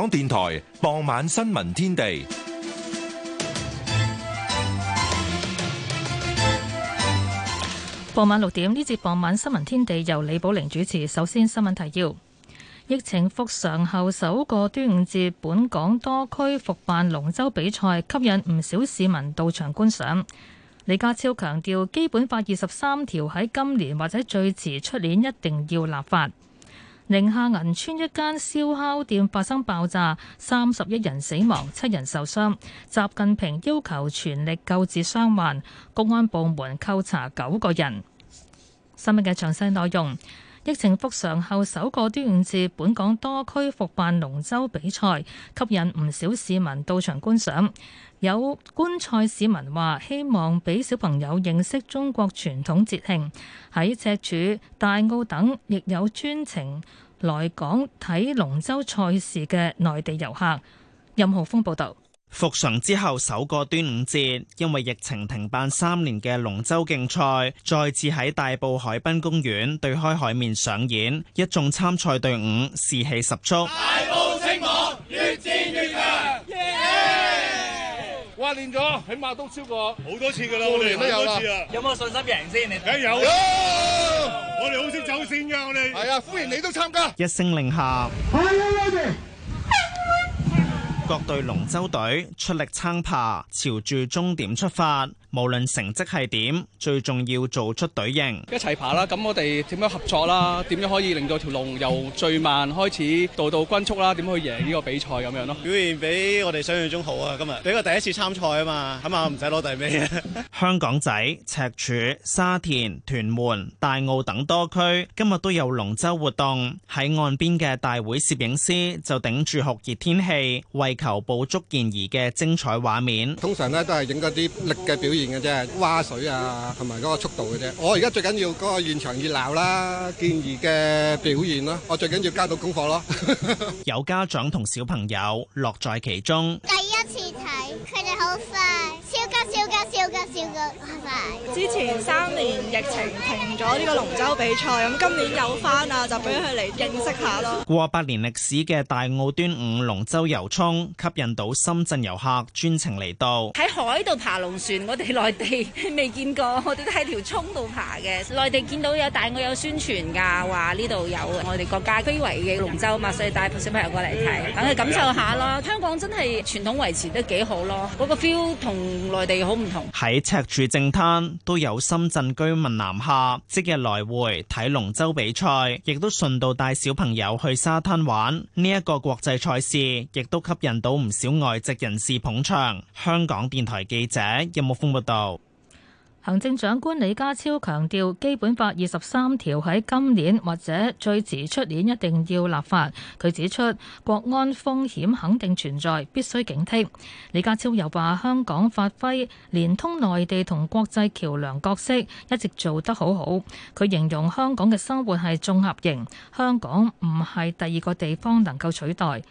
港電台傍晚新聞天地。傍晚六點呢節傍晚新聞天地由李寶玲主持。首先新聞提要：疫情復常後首個端午節，本港多區復辦龍舟比賽，吸引唔少市民到場觀賞。李家超強調，《基本法》二十三條喺今年或者最遲出年一定要立法。寧夏銀川一間燒烤店發生爆炸，三十一人死亡，七人受傷。習近平要求全力救治傷患，公安部門扣查九個人。新聞嘅詳細內容：疫情復常後首個端午節，本港多區復辦龍舟比賽，吸引唔少市民到場觀賞。有觀賽市民話：希望俾小朋友認識中國傳統節慶。喺赤柱、大澳等，亦有專程來港睇龍舟賽事嘅內地遊客，任浩峰報道：「復常之後首個端午節，因為疫情停辦三年嘅龍舟競賽，再次喺大埔海濱公園對開海面上演，一眾參賽隊伍士氣十足。訓練咗，起碼都超過好多次噶啦。我哋都有一次啦。有冇信心贏先？你梗有，Yo! 我哋好少走線噶，我哋係 啊。歡迎你都參加。一聲令下， 各隊龍舟隊出力撐爬，朝住終點出發。無論成績係點，最重要做出隊形，一齊爬啦。咁我哋點樣合作啦？點樣可以令到條龍由最慢開始度度均速啦？點去贏呢個比賽咁樣咯？表現比我哋想象中好啊！今日俾個第一次參賽啊嘛，起碼唔使攞第尾啊！ 香港仔、赤柱、沙田、屯門、大澳等多區今日都有龍舟活動，喺岸邊嘅大會攝影師就頂住酷熱天氣，為求捕捉健兒嘅精彩畫面。通常呢，都係影一啲力嘅表現。嘅啫，劃水啊，同埋嗰個速度嘅啫。我而家最緊要嗰個現場熱鬧啦，健兒嘅表現咯。我最緊要交到功課咯。有家長同小朋友樂在其中。第一次睇，佢哋好快。介紹介紹介紹介紹。Bye、之前三年疫情停咗呢個龍舟比賽，咁今年又翻啦，就俾佢嚟認識下咯。過百年歷史嘅大澳端午龍舟遊涌，吸引到深圳遊客專程嚟到。喺海度爬龍船，我哋內地未見過，我哋都喺條涌度爬嘅。內地見到有大澳有宣傳噶，話呢度有我哋國家非遺嘅龍舟啊嘛，所以帶小朋友過嚟睇，等佢感受下咯。香港真係傳統維持得幾好咯，嗰、嗰個 feel 同內。地好唔同，喺赤柱正灘都有深圳居民南下，即日來回睇龍舟比賽，亦都順道帶小朋友去沙灘玩。呢、這、一個國際賽事亦都吸引到唔少外籍人士捧場，香港電台記者任木風報道。行政長官李家超強調，《基本法》二十三條喺今年或者最遲出年一定要立法。佢指出，國安風險肯定存在，必須警惕。李家超又話，香港發揮連通內地同國際橋梁角色，一直做得好好。佢形容香港嘅生活係綜合型，香港唔係第二個地方能夠取代。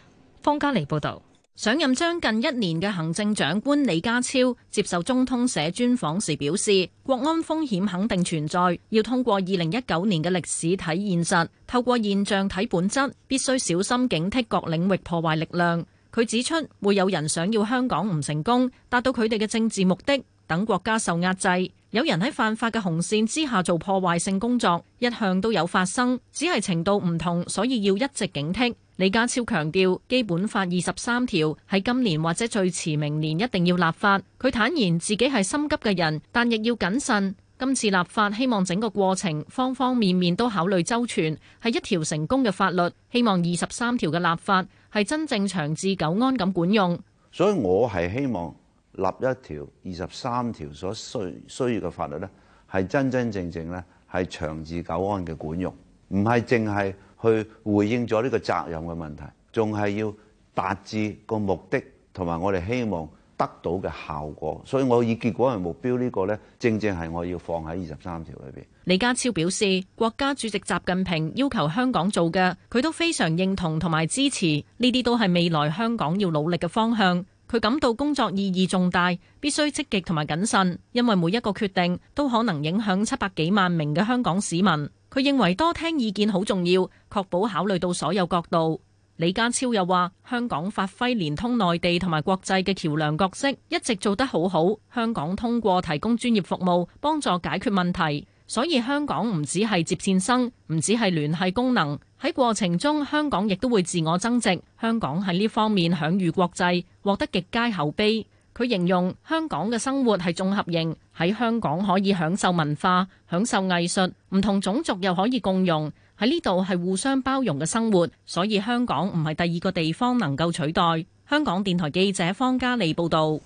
方家麗報導。上任將近一年嘅行政長官李家超接受中通社專訪時表示，國安風險肯定存在，要通過二零一九年嘅歷史睇現實，透過現象睇本質，必須小心警惕各領域破壞力量。佢指出，會有人想要香港唔成功，達到佢哋嘅政治目的，等國家受壓制。有人喺犯法嘅紅線之下做破壞性工作，一向都有發生，只係程度唔同，所以要一直警惕。李家超強調，《基本法》二十三條喺今年或者最遲明年一定要立法。佢坦言自己係心急嘅人，但亦要謹慎。今次立法希望整個過程方方面面都考慮周全，係一條成功嘅法律。希望二十三條嘅立法係真正長治久安咁管用。所以我係希望立一條二十三條所需需要嘅法律呢，係真真正正呢係長治久安嘅管用，唔係淨係去回應咗呢個責任嘅問題，仲係要達至個目的，同埋我哋希望得到嘅效果，所以我以結果為目標呢個咧，正正係我要放喺二十三條裏邊。李家超表示，國家主席習近平要求香港做嘅，佢都非常認同同埋支持，呢啲都係未來香港要努力嘅方向。佢感到工作意義重大，必須積極同埋謹慎，因為每一個決定都可能影響七百幾萬名嘅香港市民。佢認為多聽意見好重要，確保考慮到所有角度。李家超又話：香港發揮連通內地同埋國際嘅橋梁角色，一直做得好好。香港通過提供專業服務，幫助解決問題，所以香港唔只係接線生，唔只係聯繫功能。喺過程中，香港亦都會自我增值。香港喺呢方面享譽國際，獲得極佳口碑。佢形容香港嘅生活係綜合型，喺香港可以享受文化、享受藝術，唔同種族又可以共融，喺呢度係互相包容嘅生活，所以香港唔係第二個地方能夠取代。香港電台記者方嘉莉報道。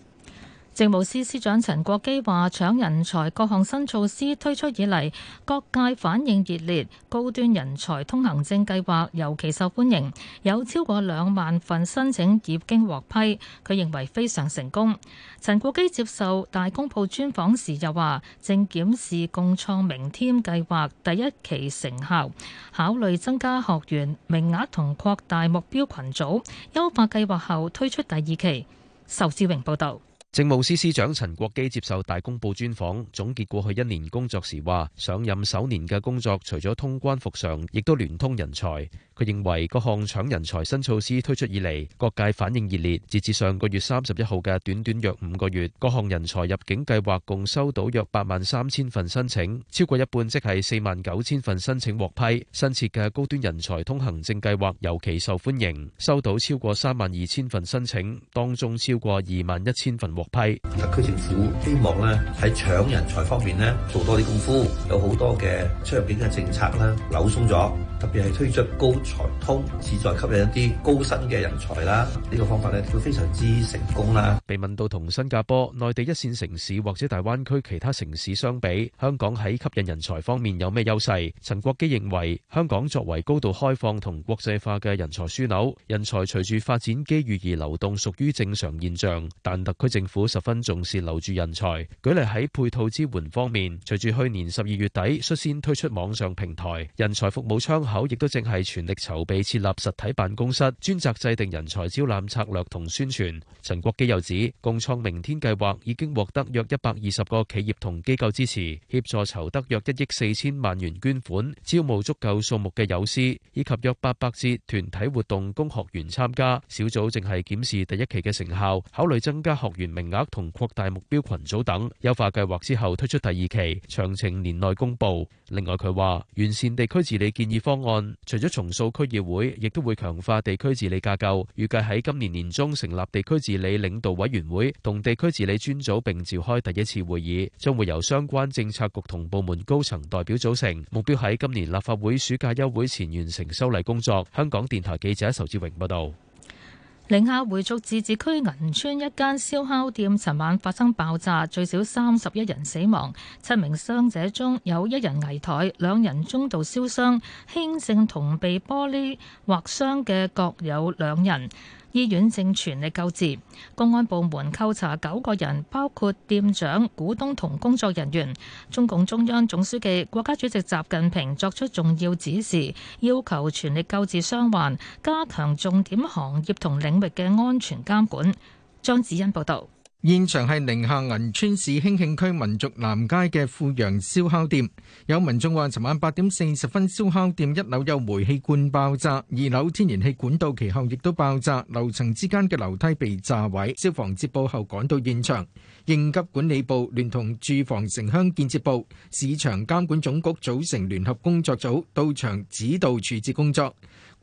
政務司司長陳國基話：搶人才各項新措施推出以嚟，各界反應熱烈，高端人才通行證計劃尤其受歡迎，有超過兩萬份申請已經獲批。佢認為非常成功。陳國基接受大公報專訪時又話，正檢視共創明「Teen」計劃第一期成效，考慮增加學員名額同擴大目標群組，優化計劃後推出第二期。仇志榮報導。政務司司長陳國基接受《大公報》專訪，總結過去一年工作時話：上任首年嘅工作，除咗通關服常，亦都聯通人才。佢認為，各項搶人才新措施推出以嚟，各界反應熱烈。截至上個月三十一號嘅短短約五個月，各項人才入境計劃共收到約八萬三千份申請，超過一半即係四萬九千份申請獲批。新設嘅高端人才通行證計劃尤其受歡迎，收到超過三萬二千份申請，當中超過二萬一千份批特區政府希望咧喺搶人才方面咧做多啲功夫，有好多嘅出入境嘅政策咧扭鬆咗，特別係推出高才通，旨在吸引一啲高薪嘅人才啦。呢、這個方法咧會非常之成功啦。被問到同新加坡、內地一線城市或者大灣區其他城市相比，香港喺吸引人才方面有咩優勢？陳國基認為，香港作為高度開放同國際化嘅人才樞紐，人才隨住發展機遇而流動屬於正常現象，但特區政府。府十分重視留住人才，舉例喺配套支援方面，隨住去年十二月底率先推出網上平台，人才服務窗口亦都正係全力籌備設立實體辦公室，專責制定人才招攬策略同宣傳。陳國基又指，共創明天計劃已經獲得約一百二十個企業同機構支持，協助籌得約一億四千萬元捐款，招募足夠數目嘅友師，以及約八百節團體活動供學員參加。小組正係檢視第一期嘅成效，考慮增加學員名額同擴大目標群組等優化計劃，之後推出第二期，詳情年內公布。另外，佢話完善地區治理建議方案，除咗重塑區議會，亦都會強化地區治理架構。預計喺今年年中成立地區治理領導委員會同地區治理專組，並召開第一次會議。將會由相關政策局同部門高層代表組成，目標喺今年立法會暑假休會前完成修例工作。香港電台記者仇志榮報道。寧夏回族自治區銀川一間燒烤店尋晚發生爆炸，最少三十一人死亡，七名傷者中有一人危殆，兩人中度燒傷，輕症同被玻璃劃傷嘅各有兩人。醫院正全力救治，公安部門扣查九個人，包括店長、股東同工作人員。中共中央總書記、國家主席習近平作出重要指示，要求全力救治傷患，加強重點行業同領域嘅安全監管。張子欣報導。現場係寧夏銀川市興慶區民族南街嘅富陽燒烤店，有民眾話，尋晚八點四十分，燒烤店一樓有煤氣罐爆炸，二樓天然氣管道其後亦都爆炸，樓層之間嘅樓梯被炸毀。消防接報後趕到現場，應急管理部、聯同住房城鄉建設部、市場監管總局組成聯合工作組到場指導處置工作。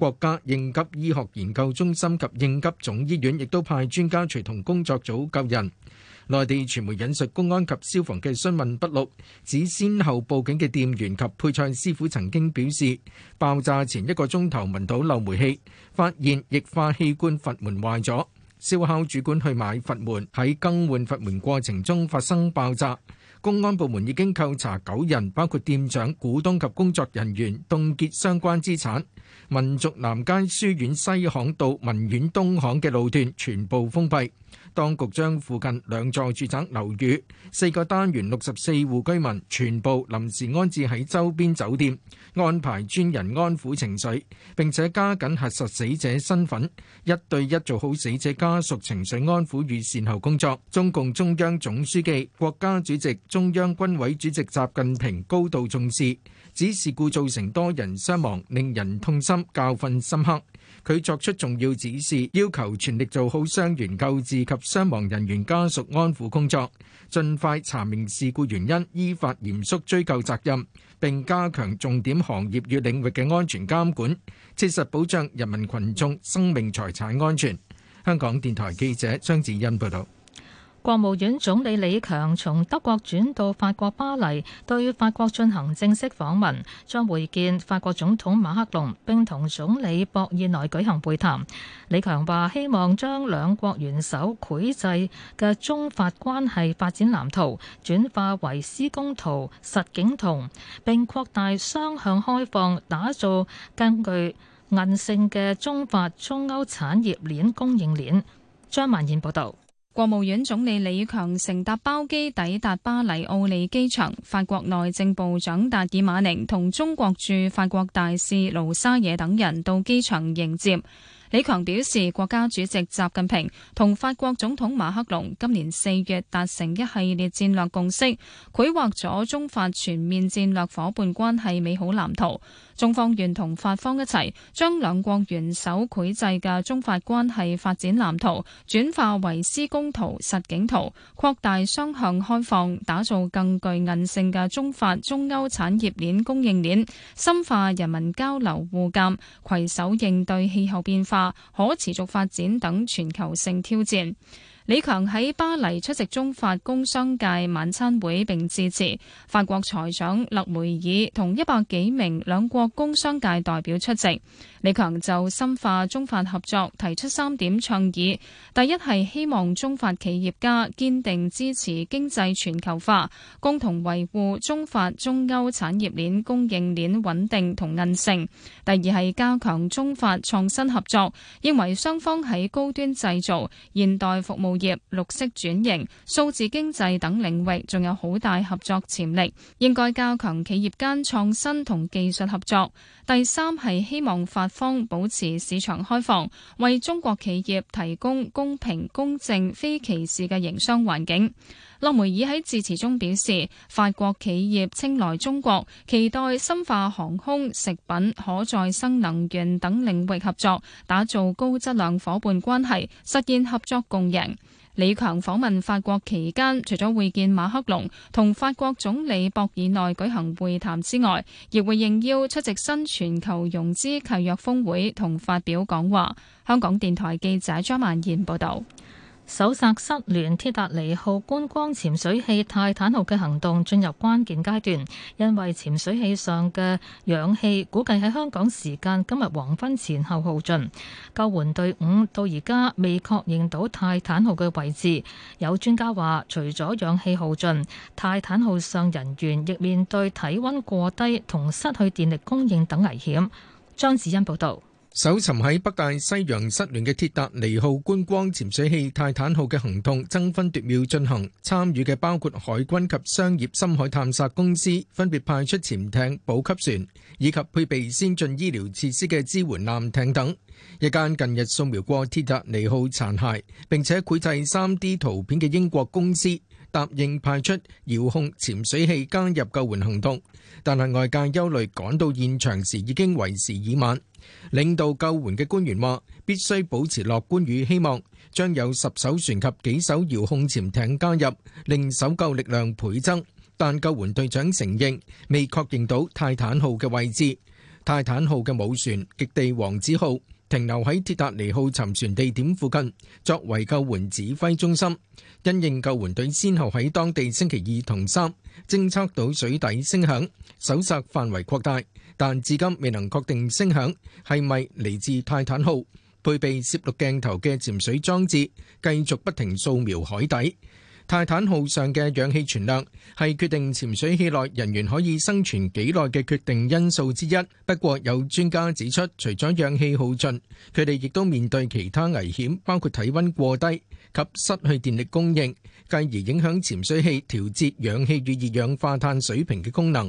國家應急醫學研究中心及應急總醫院亦都派專家隨同工作組救人。內地傳媒引述公安及消防嘅詢問筆錄，指先後報警嘅店員及配菜師傅曾經表示，爆炸前一個鐘頭聞到漏煤氣，發現液化氣罐閥門壞咗。燒烤主管去買閥門，喺更換閥門過程中發生爆炸。公安部門已經扣查九人，包括店長、股東及工作人員，凍結相關資產。民族南街書院西巷到文苑東巷嘅路段全部封閉，當局將附近兩座住宅樓宇四個單元六十四戶居民全部臨時安置喺周邊酒店，安排專人安撫情緒，並且加緊核實死者身份，一對一做好死者家屬情緒安撫與善後工作。中共中央總書記、國家主席、中央軍委主席習近平高度重視。指事故造成多人傷亡，令人痛心，教訓深刻。佢作出重要指示，要求全力做好傷員救治及傷亡人員家屬安撫工作，盡快查明事故原因，依法嚴肅追究責任，並加強重點行業與領域嘅安全監管，切實保障人民群眾生命財產安全。香港電台記者張子欣報道。國務院總理李強從德國轉到法國巴黎，對法國進行正式訪問，將會見法國總統馬克龍並同總理博爾內舉行會談。李強話：希望將兩國元首繪製嘅中法關係發展藍圖轉化為施工圖、實景圖，並擴大雙向開放，打造更具韌性嘅中法、中歐產業鏈供應鏈。張曼燕報導。國務院總理李強乘搭包機抵達巴黎奧利機場，法國內政部長達爾馬寧同中國駐法國大使盧沙野等人到機場迎接。李強表示，國家主席習近平同法國總統馬克龍今年四月達成一系列戰略共識，繪劃咗中法全面戰略夥伴關係美好藍圖。中方願同法方一齊，將兩國元首繪製嘅中法關係發展藍圖轉化為施工圖、實景圖，擴大雙向開放，打造更具韌性嘅中法中歐產業鏈供應鏈，深化人民交流互鑑，攜手應對氣候變化，可持續發展等全球性挑戰。李強喺巴黎出席中法工商界晚餐會，並致辭。法國財長勒梅爾同一百幾名兩國工商界代表出席。李強就深化中法合作提出三點倡議：第一係希望中法企業家堅定支持經濟全球化，共同維護中法中歐產業鏈供應鏈穩定同韌性；第二係加強中法創新合作，認為雙方喺高端製造、現代服務。業、綠色轉型、數字經濟等領域仲有好大合作潛力，應該加強企業間創新同技術合作。第三，係希望法方保持市場開放，為中國企業提供公平、公正、非歧視嘅營商環境。洛梅爾喺致辭中表示，法國企業青睞中國，期待深化航空、食品、可再生能源等領域合作，打造高質量伙伴關係，實現合作共贏。李強訪問法國期間，除咗會見馬克龍同法國總理博爾內舉行會談之外，亦會應邀出席新全球融資契約峰會同發表講話。香港電台記者張曼燕報道。搜索失聯鐵達尼號觀光潛水器泰坦號嘅行動進入關鍵階段，因為潛水器上嘅氧氣估計喺香港時間今日黃昏前後耗盡。救援隊伍到而家未確認到泰坦號嘅位置。有專家話，除咗氧氣耗盡，泰坦號上人員亦面對體温過低同失去電力供應等危險。張子欣報導。搜尋喺北大西洋失聯嘅鐵達尼號觀光潛水器泰坦號嘅行動，爭分奪秒進行。參與嘅包括海軍及商業深海探索公司，分別派出潛艇、補給船以及配備先進醫療設施嘅支援艦艇等。一間近日掃描過鐵達尼號殘骸，並且繪製三 D 圖片嘅英國公司，答應派出遙控潛水器加入救援行動，但係外界憂慮趕到現場時已經為時已晚。領導救援嘅官員話，必須保持樂觀與希望，將有十艘船及幾艘遙控潛艇加入，令搜救力量倍增。但救援隊長承認未確認到泰坦號嘅位置。泰坦號嘅母船極地王子號停留喺鐵達尼號沉船地點附近，作為救援指揮中心。因應救援隊先後喺當地星期二同三偵測到水底聲響，搜索範圍擴大。但至今未能確定聲響係咪嚟自泰坦號，配備攝錄鏡頭嘅潛水裝置，繼續不停掃描海底。泰坦號上嘅氧氣存量係決定潛水器內人員可以生存幾耐嘅決定因素之一。不過有專家指出，除咗氧氣耗盡，佢哋亦都面對其他危險，包括體温過低及失去電力供應，繼而影響潛水器調節氧氣與二氧化碳水平嘅功能。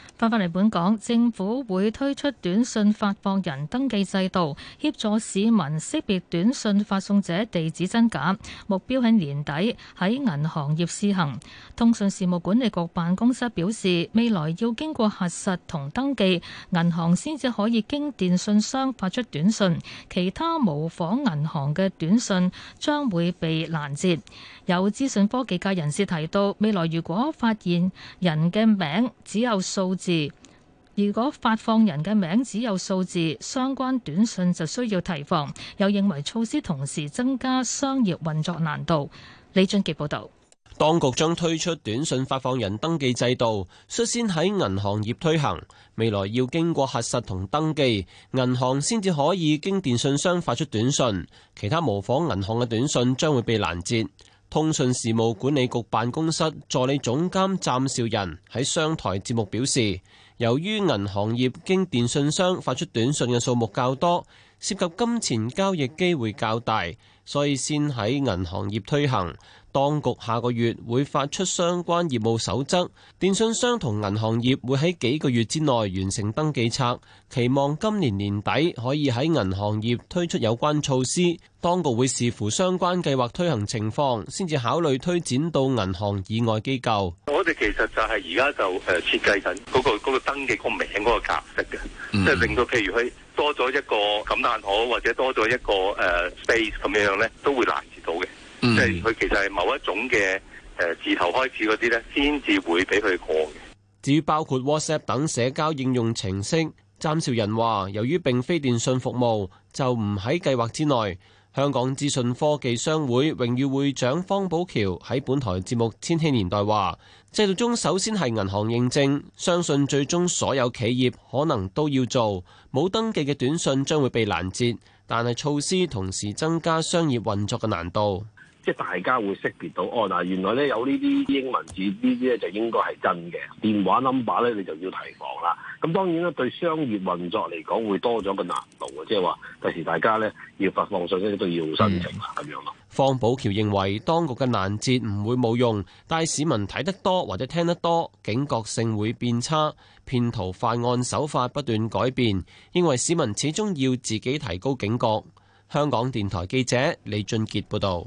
翻返嚟本港，政府會推出短信發放人登記制度，協助市民識別短信發送者地址真假。目標喺年底喺銀行業試行。通訊事務管理局辦公室表示，未來要經過核實同登記銀行，先至可以經電信商發出短信。其他模仿銀行嘅短信將會被攔截。有資訊科技界人士提到，未來如果發現人嘅名只有數字，如果發放人嘅名只有數字，相關短信就需要提防。又認為措施同時增加商業運作難度。李俊杰報道，當局將推出短信發放人登記制度，率先喺銀行業推行。未來要經過核實同登記，銀行先至可以經電信商發出短信，其他模仿銀行嘅短信將會被攔截。通訊事務管理局辦公室助理總監湛兆仁喺商台節目表示，由於銀行業經電信商發出短信嘅數目較多，涉及金錢交易機會較大。所以先喺銀行業推行，當局下個月會發出相關業務守則，電信商同銀行業會喺幾個月之內完成登記冊，期望今年年底可以喺銀行業推出有關措施。當局會視乎相關計劃推行情況先至考慮推展到銀行以外機構，我哋其實就係而家就誒設計緊嗰個嗰個登記個名嗰個格式嘅，即係令到譬如佢多咗一個感嘆號或者多咗一個誒 space 咁樣。 都會攔截到嘅，即係佢其實係某一種嘅誒字頭開始嗰啲咧，先至會俾佢過嘅。至於包括 WhatsApp 等社交應用程式，詹兆仁話：由於並非電信服務，就唔喺計劃之內。香港資訊科技商會榮譽會長方寶橋喺本台節目《千禧年代》話：制度中首先係銀行認證，相信最終所有企業可能都要做，冇登記嘅短信，將會被攔截。但係措施同時增加商業運作嘅難度。即係大家會識別到哦嗱，原來咧有呢啲英文字呢啲咧，就應該係真嘅電話 number 咧，你就要提防啦。咁當然啦，對商業運作嚟講會多咗個難度啊。即係話第時大家咧要發放信息都要申請啊，咁樣咯。方寶橋認為當局嘅攔截唔會冇用，但市民睇得多或者聽得多警覺性會變差，騙徒犯案手法不斷改變，認為市民始終要自己提高警覺。香港電台記者李俊傑報道。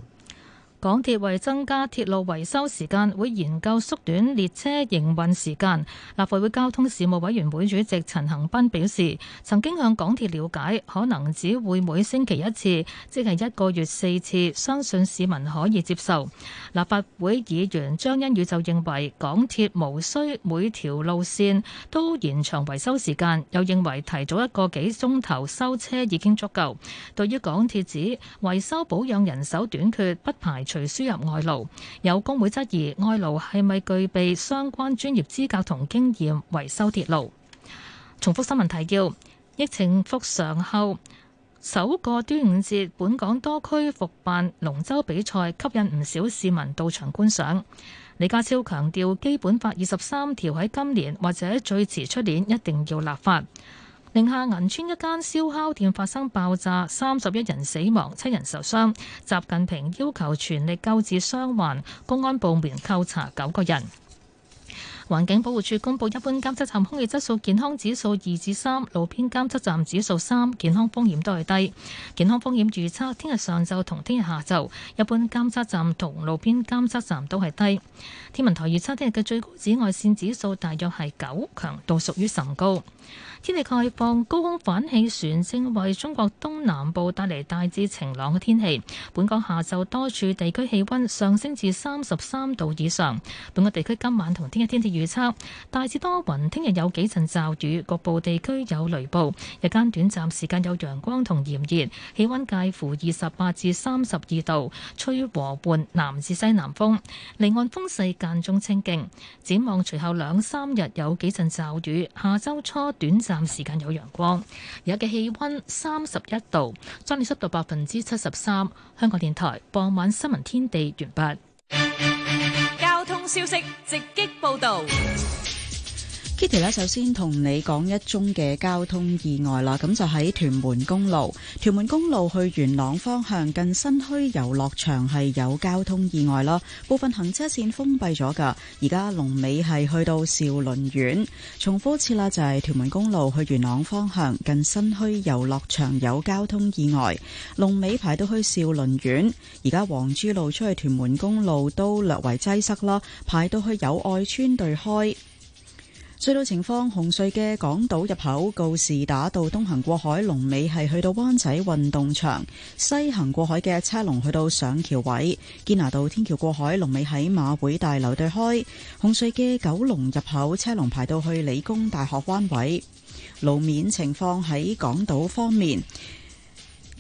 港鐵為增加鐵路維修時間，會研究縮短列車營運時間。立法會交通事務委員會主席陳恒斌表示，曾經向港鐵了解，可能只會每星期一次，即係一個月四次，相信市民可以接受。立法會議員張欣宇就認為，港鐵無需每條路線都延長維修時間，又認為提早一個幾鐘頭收車已經足夠。對於港鐵指維修保養人手短缺，不排除。除輸入外勞，有工會質疑外勞係咪具備相關專業資格同經驗維修鐵路？重複新聞提要：疫情復常後，首個端午節，本港多區復辦龍舟比賽，吸引唔少市民到場觀賞。李家超強調，《基本法》二十三條喺今年或者最遲出年一定要立法。寧夏銀川一間燒烤店發生爆炸，三十一人死亡，七人受傷。習近平要求全力救治傷患，公安部門扣查九個人。環境保護署公布，一般監測站空氣質素健康指數二至三，路邊監測站指數三，健康風險都係低。健康風險預測，聽日上晝同聽日下晝，一般監測站同路邊監測站都係低。天文台預測，聽日嘅最高紫外線指數大約係九，強度屬於甚高。天氣概況，高空反氣旋正為中國東南部帶嚟大致晴朗嘅天氣。本港下晝多處地區氣温上升至三十三度以上。本港地區今晚同聽日天氣預測大致多雲，聽日有幾陣驟雨，局部地區有雷暴。日間短暫時間有陽光同炎熱，氣温介乎二十八至三十二度，吹和緩南至西南風。離岸風勢間中清勁。展望隨後兩三日有幾陣驟雨，下周初短暫。暫時間有陽光，而家嘅氣溫三十一度，相對濕度百分之七十三。香港電台傍晚新聞天地完畢。交通消息直擊報道。Kitty 咧，首先同你講一宗嘅交通意外啦。咁就喺屯門公路，屯門公路去元朗方向近新墟遊樂場係有交通意外啦，部分行車線封閉咗噶。而家龍尾係去到兆麟苑。重複一次啦，就係屯門公路去元朗方向近新墟遊樂場有交通意外，龍尾排到去兆麟苑。而家黃珠路出去屯門公路都略為擠塞啦，排到去友愛邨對開。隧道情況：紅隧嘅港島入口告士打道東行過海龍尾係去到灣仔運動場，西行過海嘅車龍去到上橋位；堅拿道天橋過海龍尾喺馬會大樓對開。紅隧嘅九龍入口車龍排到去理工大學灣位。路面情況喺港島方面。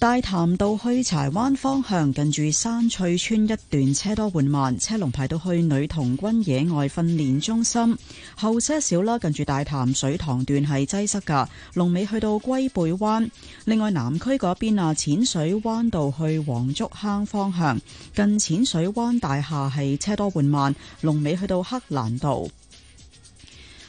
大潭道去柴灣方向，近住山翠村一段車多緩慢，車龍排到去女童軍野外訓練中心，後車少啦。近住大潭水塘段係擠塞噶，龍尾去到龜背灣。另外南區嗰邊啊，淺水灣道去黃竹坑方向，近淺水灣大廈係車多緩慢，龍尾去到黑蘭道。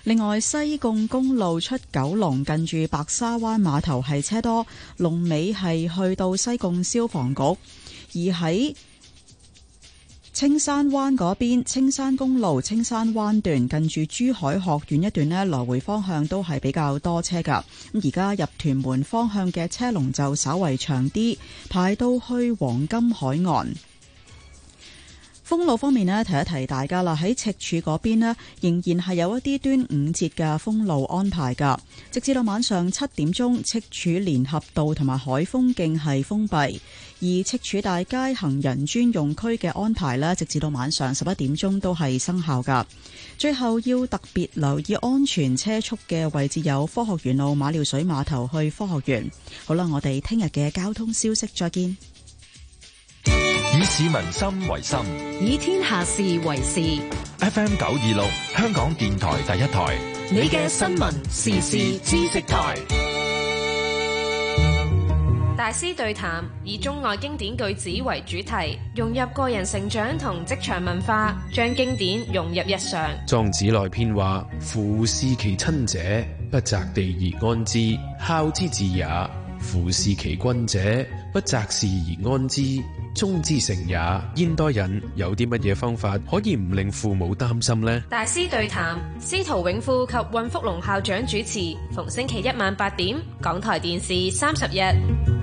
另外，西貢公路出九龍近住白沙灣碼頭係車多，龍尾係去到西貢消防局。而喺青山灣嗰邊，青山公路青山灣段近住珠海學院一段呢，來回方向都係比較多車噶。咁而家入屯門方向嘅車龍就稍為長啲，排到去黃金海岸。封路方面呢，提一提大家啦。喺赤柱嗰邊呢，仍然係有一啲端午節嘅封路安排噶，直至到晚上七點鐘，赤柱聯合道同埋海豐徑係封閉。而赤柱大街行人專用區嘅安排呢，直至到晚上十一點鐘都係生效噶。最後要特別留意安全車速嘅位置有科學園路、馬料水碼頭去科學園。好啦，我哋聽日嘅交通消息，再見。以市民心為心，以天下事為事。F. M. 九二六，香港電台第一台。你嘅新聞時事知識台，大師對談以中外經典句子為主題，融入個人成長同職場文化，將經典融入日常。莊子內篇話：，夫事其親者，不擇地而安之，孝之至也；，夫事其君者，不擇事而安之。中之成也，煙多忍有啲乜嘢方法可以唔令父母擔心呢？大師對談，司徒永富及運福龍校長主持，逢星期一晚八點，港台電視三十日。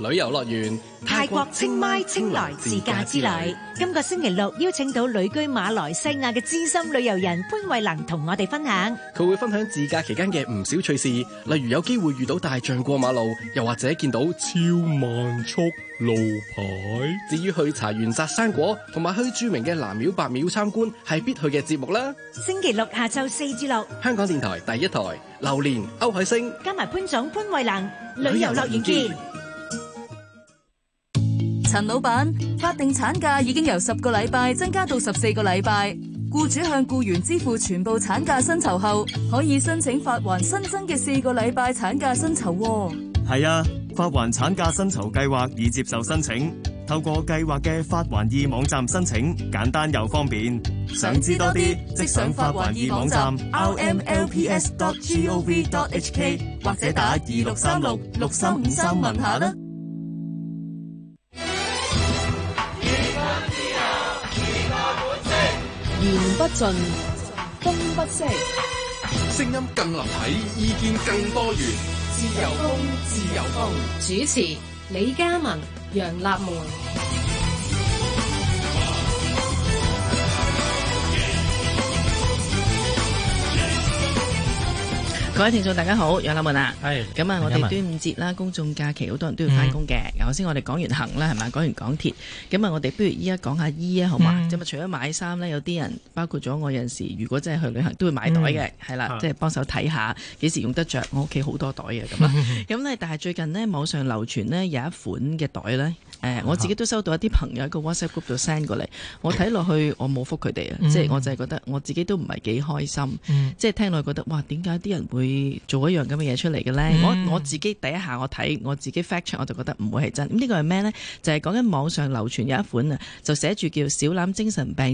旅遊樂園泰國清邁清萊自駕之旅，今個星期六邀請到旅居馬來西亞嘅資深旅遊人潘慧能同我哋分享。佢會分享自駕期間嘅唔少趣事，例如有機會遇到大象過馬路，又或者見到超慢速路牌。至於去茶園摘生果，同埋去著名嘅南廟、白廟參觀，係必去嘅節目啦。星期六下晝四至六，香港電台第一台，榴蓮、歐海星加埋潘總潘慧能，旅遊樂園見。陳老闆，法定產假已經由十個禮拜增加到十四個禮拜。僱主向僱員支付全部產假薪酬後，可以申請發還新增嘅四個禮拜產假薪酬。哦。係啊，發還產假薪酬計劃已接受申請，透過計劃嘅發還易網站申請，簡單又方便。想知多啲，即上發還易網站，站 rmlps dot gov dot hk，或者打二六三六六三五三問下啦。言不盡，風不息。聲音更立體，意見更多元。自由風，自由風。主持：李嘉文、楊立門。各位聽眾大家好，楊立文啊，係咁啊，我哋端午節啦，公眾假期好多人都要翻工嘅。頭先、嗯、我哋講完行啦，係咪？講完港鐵，咁啊，我哋不如依家講下衣啊，好嘛？咁啊、嗯，除咗買衫咧，有啲人包括咗我有陣時，如果真係去旅行都會買袋嘅，係啦、嗯，即係、就是、幫手睇下幾、嗯、時用得着。我屋企好多袋嘅，咁啊，咁咧， 但係最近咧網上流傳咧有一款嘅袋咧。誒、呃，我自己都收到一啲朋友喺個 WhatsApp group 度 send 過嚟，我睇落去我冇復佢哋啊， 即係我就係覺得我自己都唔係幾開心， 即係聽落覺得哇，點解啲人會做一樣咁嘅嘢出嚟嘅咧？ 我我自己第一下我睇我自己 fact check 我就覺得唔會係真，咁、嗯這個、呢個係咩咧？就係講緊網上流傳有一款啊，就寫住叫小欖精神病。